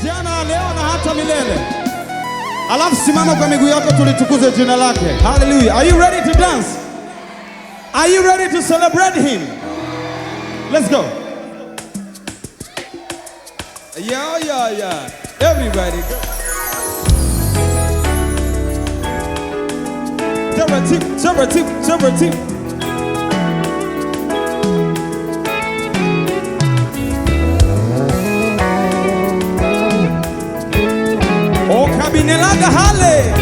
jana, leo na hata milele. Alafu simama kwa miguu yako, tulitukuze jina lake. Hallelujah. Are you ready to dance? Are you ready to celebrate him? Let's go. Yeah, yeah, yeah. Everybody go. Taratibu, taratibu, taratibu. हाले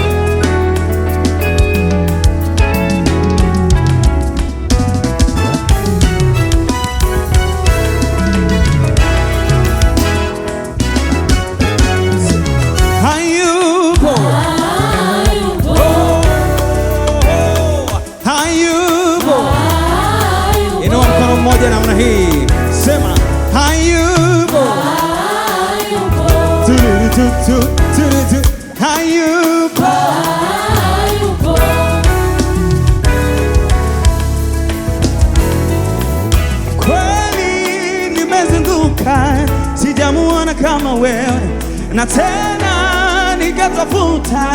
wewe, na tena nikatafuta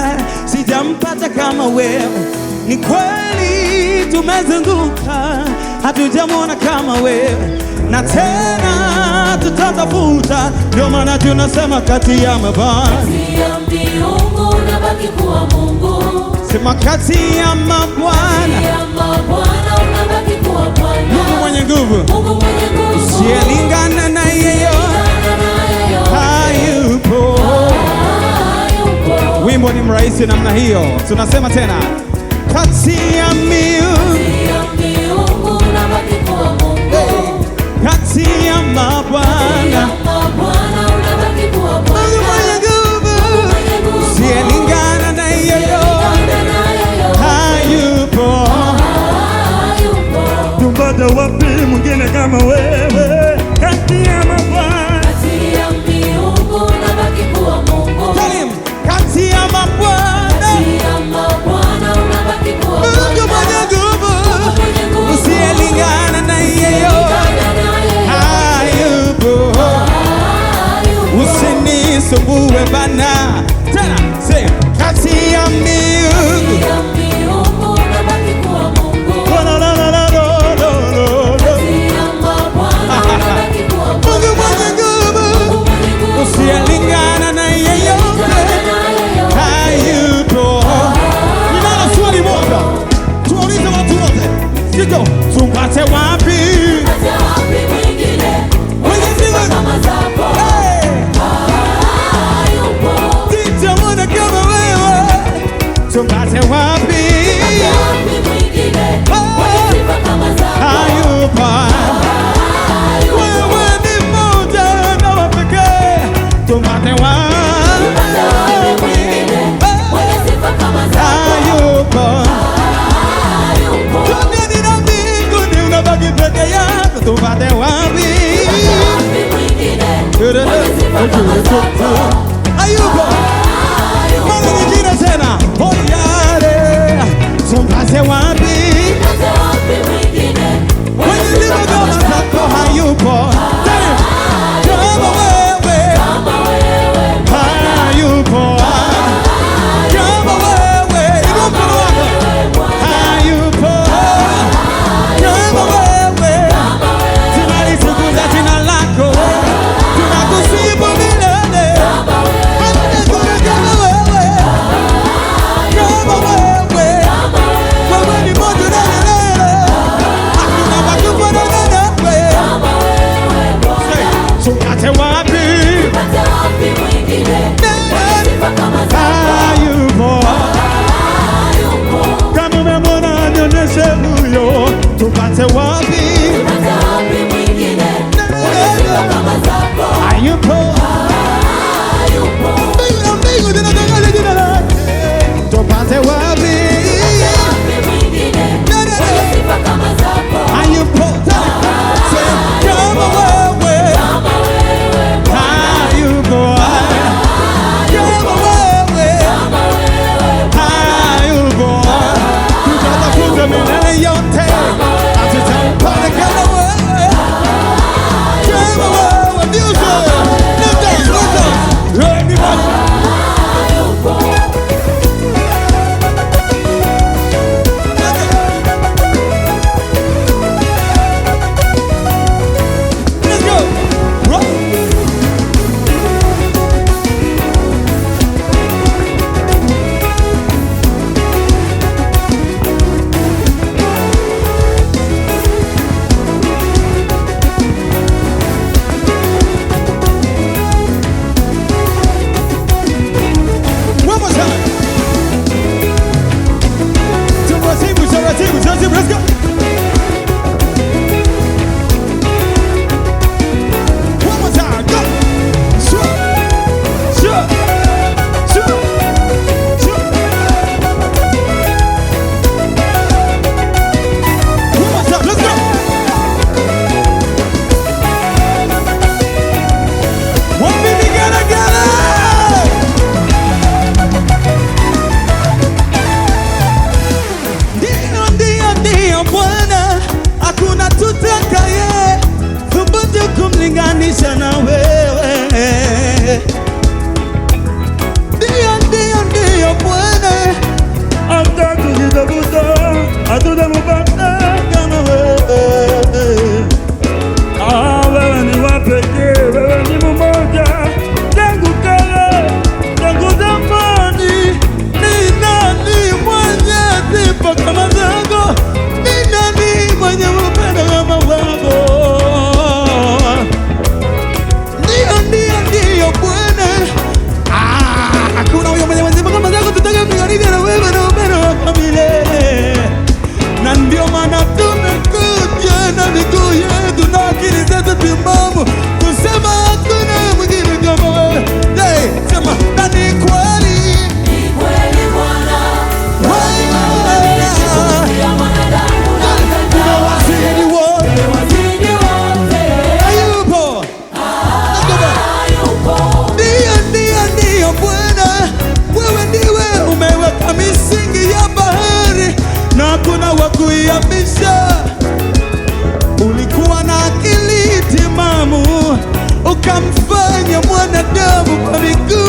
sijampata kama wewe. Ni kweli tumezunguka, hatujamwona kama wewe, na tena tutatafuta. Ndio maana tunasema kati ya mabwana sema kati ya mabwana Mungu mwenye nguvu, usiyelingana na yeyote ni mrahisi namna hiyo. Tunasema tena ずっと nikamfanya mwanadamu barikuu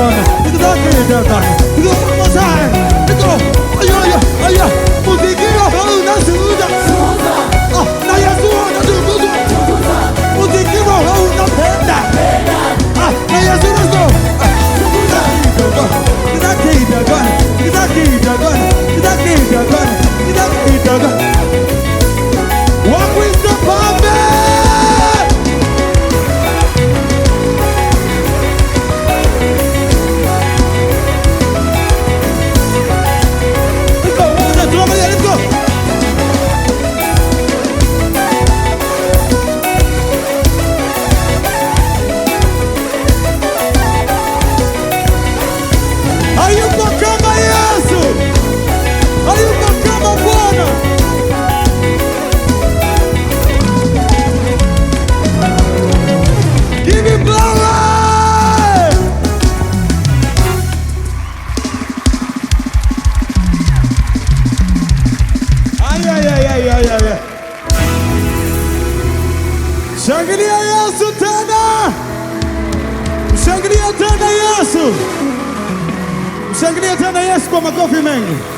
Havana. yeah. Shangilia Yesu tena, mshangilia tena Yesu, mshangilia tena Yesu kwa makofi mengi.